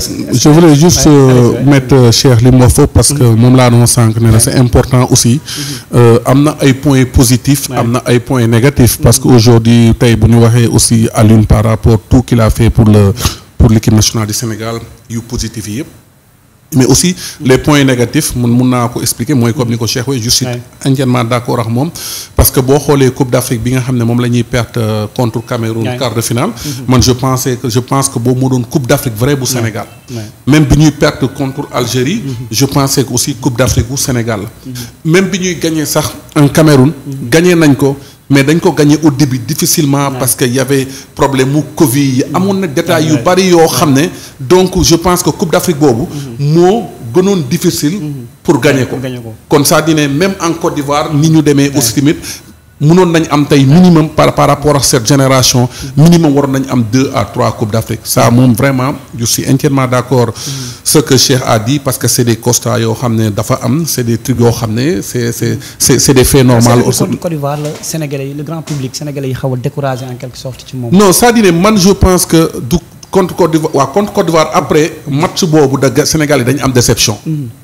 je voulais juste euh, mettre euh, Cheikh li mu parce que mm-hmm. moom laa doon sànq ne la c'est important aussi mm-hmm. euh, am na ay points positifs am na ay points négatifs parce que mm-hmm. aujourd'hui tey bu ñu waxee aussi Alioune par rapport tout qu'il a fait pour le pour l'équipe nationale du Sénégal yu positif yi yëpp mais aussi les points négatifs mun mun naa ko expliquer mooy comme ni ko Cheikh we je suis entièrement d'accord ak moom parce que boo xoolee Coupe d'Afrique bi nga xam ne moom la ñuy perte euh, contre Cameroun quart de finale mm-hmm. man je pensais que je pense que boobu moo doon Coupe d'Afrique vrai bu Sénégal même bi ñuy perte contre Algérie mm-hmm. je pense que aussi Coupe d'Afrique bu Sénégal la mm-hmm. même bi ñuy gañee sax en Cameroun gagné nañ ko mais dañ ko gañee au début difficilement parce que y avait problème mu Covid yi amoon na détails yu bari yoo xam ne donc je pense que Coupe d'Afrique boobu mhm. moo gënoon difficile mhm. pour gañee ko kon ça dine même en Côte d'Ivoire ni ñu demee aussi tamit mënoon nañ am tey minimum par par rapport ak cette génération minimum waroon nañ am deux à trois coupes d'Afrique ça moom vraiment je suis entièrement d'accord mm-hmm. ce que Cheikh a dit parce que c'est des constats yoo xam ne dafa am c'est des trucs yoo xam ne c'est des faits normaux Côte la Sénégalais yi le grand public sénégalais yi xaw a découragé en quelque sorte ci moom contre Côte d'Ivoire waaw contre Côte d'Ivoire après match boobu da Sénégal yi dañu am déception.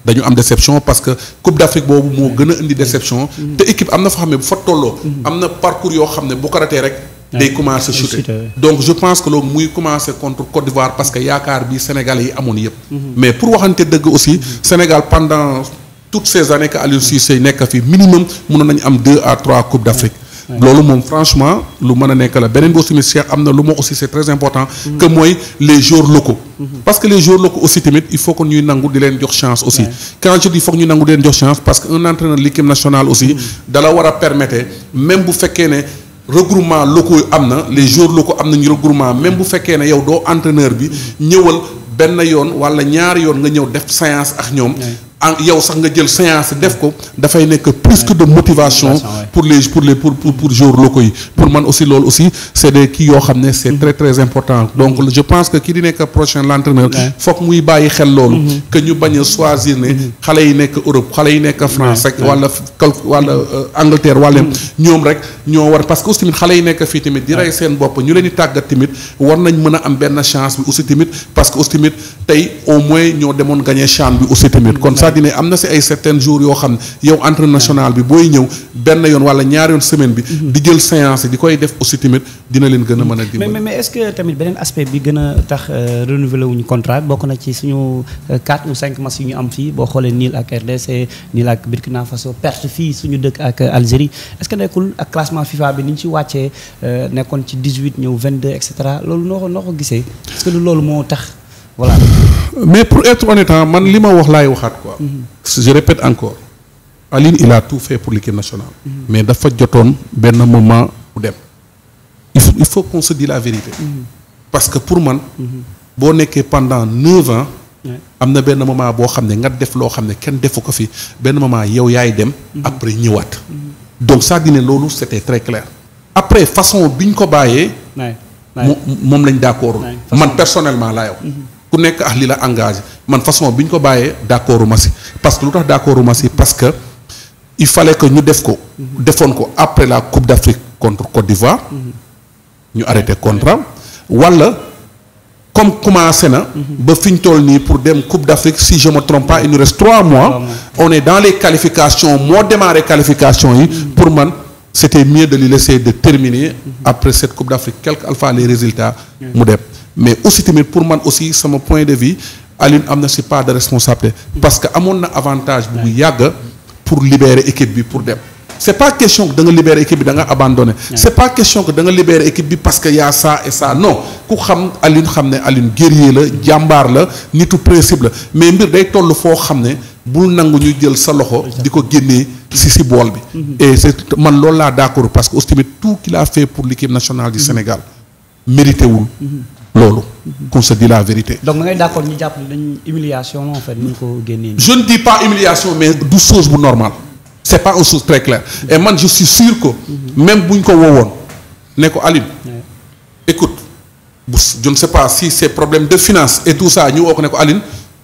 dañu am déception parce que Coupe d'Afrique boobu moo gën a indi déception. te équipe am na fa xam ne bu fa tolloo. am na parcours yoo xam ne bu ko ratee rek. day ah, commencé chuter donc je pense que loolu muy commencé contre Côte d'Ivoire parce que yaakaar bi Sénégal yi amoon yëpp. mais pour waxante dëgg aussi Sénégal pendant toutes ces années que Aliou Cissé nekk fi minimum mënoon nañu am deux à trois Coupe d'Afrique. loolu moom franchement lu mën a nekk la beneen bi aussi tamit Cheikh am na lu ma aussi c'est très important mhm. que mooy les joueurs locaux mhm. parce que les joueurs locaux aussi tamit il faut que ñuy nangu di leen jox chance aussi quand je dis il faut que ñu nangu di leen jox chance parce que un entraîneur l'équipe nationale aussi mhm. dala war a permettre même bu fekkee ne regroupement locaux yu am na les joueurs locaux am nañu regroupement même bu fekkee ne yow doo entraîneur bi ñëwal benn yoon wala ñaari yoon nga ñëw def séance ak ñoom yow sax nga jël séance def ko dafay nekk plus que de motivation pour les pour les pour pour joueurs locaux yi pour man aussi loolu aussi c' est des kii yoo xam ne c' est très très important donc je pense que ki di nekk prochain l' entraîneur foog muy bàyyi xel loolu mm-hmm. que ñu bañ a choisir ne mm-hmm. xale yi nekk Europe xale yi nekk France rek wala wala euh, Angleterre wala mm-hmm. ñoom rek ñoo war parce que aussi tamit xale yi nekk fii tamit di rey seen bopp ñu leen di tàggat tamit war nañ mën am benn chance bi tamit parce que aussi tamit tey au moins ñoo demoon gagné CHAN bi aussi tamit kon daal di am na si ay certains jours yoo xam ne yow international bi booy ñëw benn yoon wala ñaar yoon semaine bi. Mhm. di jël séance yi di koy def aussi tamit dina leen gën a mën a. dimbali mais mais est que tamit beneen aspect bi gën a tax euh, renouveler wuñu contrat bokk na ci suñu 4 euh, ou 5 match yu ñu am fii boo xoolee Nil ak RDC Nil ak Burkina Faso perte fii suñu dëkk ak Algérie est-ce que nekkul ak classement FIFA bi ni ñu ci wàccee euh, nekkoon ci 18 ñëw 22 et cetera loolu noo ko noo ko gisee est loolu moo tax voilà. mais pour être honnête man li ma wax laay waxaat quoi. je répète encore Aline il a tout fait pour l'équipe nationale. mais dafa jotoon benn moment bu dem. il faut il la vérité. parce que pour man. boo nekkee pendant neuf ans. am na benn moment boo xam ne nga def loo xam ne kenn defu ko fi benn moment yow yaay dem. après ñëwaat. donc ça dina loolu c'était très clair. après façon bi ñu ko bàyyee. moom lañ d'accord man personnellement laa yow. ku nekk ah lii la engagé man façon bi ñu ko bàyyee d' accord ma si parce que lu tax d' accord ma si parce que il fallait que ñu def ko. defoon ko après la coupe d' Afrique contre Côte d'Ivoire. ñu arrêté contrat wala comme commencé na. ba fi ñu toll nii pour dem coupe d' Afrique si je me trompe pas il nous reste trois mois. on dans les qualifications moo démarré qualification yi. pour man c' était mieux de lui laisser de terminer. après cette coupe d' Afrique quelque alpha les résultats mu dem. mais aussi tamit pour man aussi sama point de vie Alioune am na si part de responsabilité. parce que amoon na avantage bu yàgg pour libérer équipe bi pour dem. c'est pas question que da nga libérer équipe bi da nga abandonné. c'est pas nga libérer équipe bi parce que y a ça et ça ku xam Alioune xam ne Alioune guerrier la jàmbaar la nitu principe la mais mbir day toll foo xam ne bul nangu ñu jël sa loxo. di ko génnee si si bool bi. Mhm. et c'est man loolu laa d'accord parce que aussi tamit tout qu'il a fait pour l'équipe nationale du mhm. loolu. qu'on se dit la vérité. donc da ngay d'accord ñu jàpp dañ humiliation en fait ñu ko génnee. je ne dis pas humiliation mais du chose bu normal. c'est pas une chose très claire. et man je suir ko que. même bu ñu ko woowoon ne ko Alioune. écoute bu je ne sais pas si problème de et tout ça ñu woo ko ne ko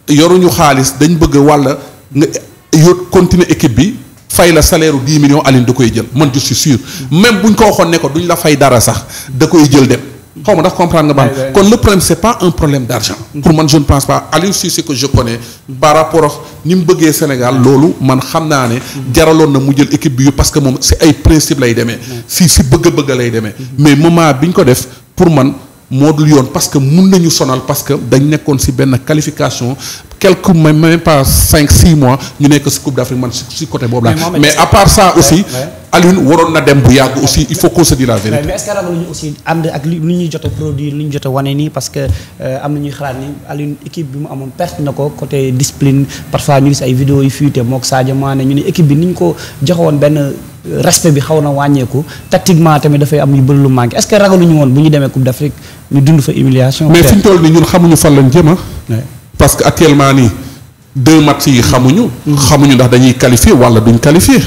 yoruñu xaalis dañ bëgg walla nga yóot continuer équipe bi. fay la salaire u 10 millions Alioune da koy jël man je suis sûr mm. même bu ñu ko waxoon ne ko duñ la fay dara sax da koy jël dem. xaw ma ndax comprendre nga ban kon le problème c'est pas un problème d'argent mm-hmm. pour man je ne pense pas Aliou Cissé que connais par rapport ak ni mu bëggee Sénégal loolu man xam naa ne mm-hmm. jaraloon na mu jël équipe bi yu parce que moom si ay principe lay demee mm-hmm. si si bëgg-bëgg lay demee mais moment bi ñu ko def pour man moo dul yoon parce que mun nañu sonal parce que dañ nekkoon si benn qualification quelques même même pas cinq six mois ñu nekk ci Coupe d'Afrique man ci côté boobu la mais à part aussi Alioune waroon na dem bu yàgg aussi il faut qu'on se dise mais est ragaluñu ak li ñuy jot a produire ñu jot a wane parce que euh, am na ñuy xalaat ni Alioune bi mu amoon perte na ko côté discipline parfois ñu gis ay vidéo yu fuité mook Sadio Mané ñu ne équipe bi ni ñu ko joxewoon benn euh, respect bi xaw na wàññeeku tactiquement tamit dafay am yu bëri lu manqué est-ce que ragaluñu woon bu ñu demee Coupe d'Afrique ñu dund fa humiliation mais fi ñu toll nii ñun xamuñu fan lañ jëm ah. parce que actuellement nii deux matchs yi xamuñu. xamuñu ndax dañuy qualifier wala duñ qualifier.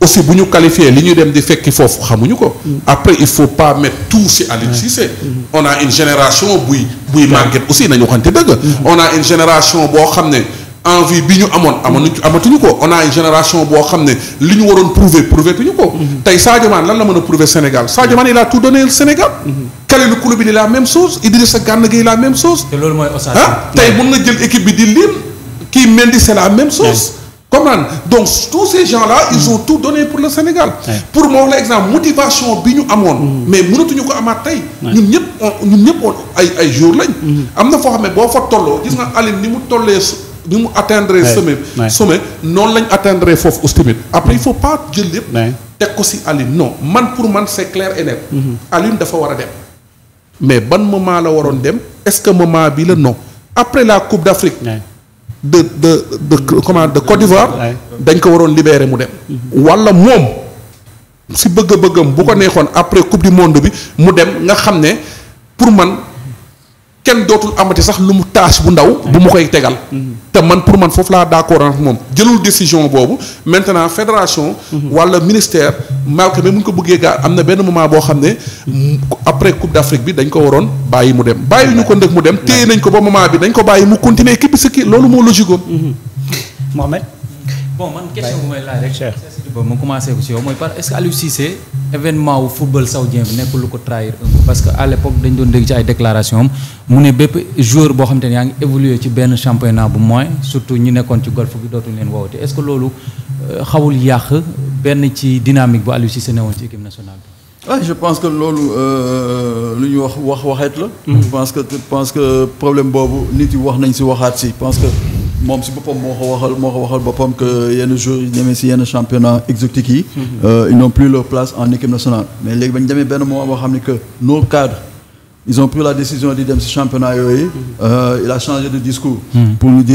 aussi bu ñu qualifier li ñu dem di fekki foofu xamuñu ko. après il faut pas mettre tout ci Aliou Cissé. on a une génération buy buy màgget aussi nañu waxante dëgg. Mm-hmm. on a une génération boo xam ne. envie bi ñu amoon amoon mm-hmm. amatuñu ko on a une génération boo xam ne li ñu waroon prouver prouver tuñu ko. Mm-hmm. tey Sadio Mané lan la mën a prouver Sénégal Sadio Mané il a tout donné Sénégal. Kalidou Koulibaly la même chose Idrissa Gana Gueye la même chose. te loolu mooy ah tey mun nga jël équipe bi di lim kii Mendy c'est la même chose. comprendre donc tous ces gens là ils ont tout donné pour le Sénégal. pour moo la exemple motivation bi ñu amoon. Mm. mais mënatuñu ko amaat tey. ñun ñëpp ñun ñëpp ay ay jours lañ. Mm. am na foo xam ne boo fa tolloo gis nga Aline ni mu tollee ni mu atteindre sommet. sommet noonu lañ atteindre foofu aussi après il faut pas jël lépp. ko si Aline non man pour man c'est clair et net. Mm-hmm. war a dem. mais ban moment la waroon dem est-ce que moment bi la non après la coupe d'Afrique de de de comment de Côte d'Ivoire dañ ko waroon libérer mu dem walla moom si bëgg-bëggam bu ko neexoon après coupe du monde bi mu dem nga xam ne pour man kenn dootul amati sax lu mu taas bu ndaw bu mu koy tegal te man pour man foofu laa d'accord ak moom jëlul décision boobu maintenant fédération wala ministère malgré mu ko bëggee gaar am na benn moment boo xam ne après coupe d'Afrique bi dañ ko waroon bàyyi mu dem bàyyi ñu ko ndëg mu dem teye nañ ko ba moment bi dañ ko bàyyi mu continuer équipe bi ce qui loolu moo logique bon man question bu may laaj rek Cheikh Diba ma commencé ko si yow mooy par est-ce que Aliou Cissé événement wu football saoudien bi nekkul lu ko trahir parce que à l'époque dañ doon dégg ci ay déclaration am mu ne bépp joueur boo xam te yaa ngi évolué ci benn championnat bu moins surtout ñi nekkoon ci golf bi dootuñ leen woowate est-ce que loolu euh, xawul yàq benn ci dynamique bu Aliou Cissé newoon ci équipe nationale bi je pense que loolu euh, lu ñu wax wax waxeet moom si boppam moo ko waxal moo ko waxal boppam que yenn joueurs yi championnat exotique yi. Mhm. Euh, ils n'ont plus leur place en équipe nationale. mais léegi ba ñu demee benn moment boo xam ne que nos cadres ils ont pris la décision di dem si championnat yooyu. Mhm. Euh, il a changé de discours. Mhm. pour nous dire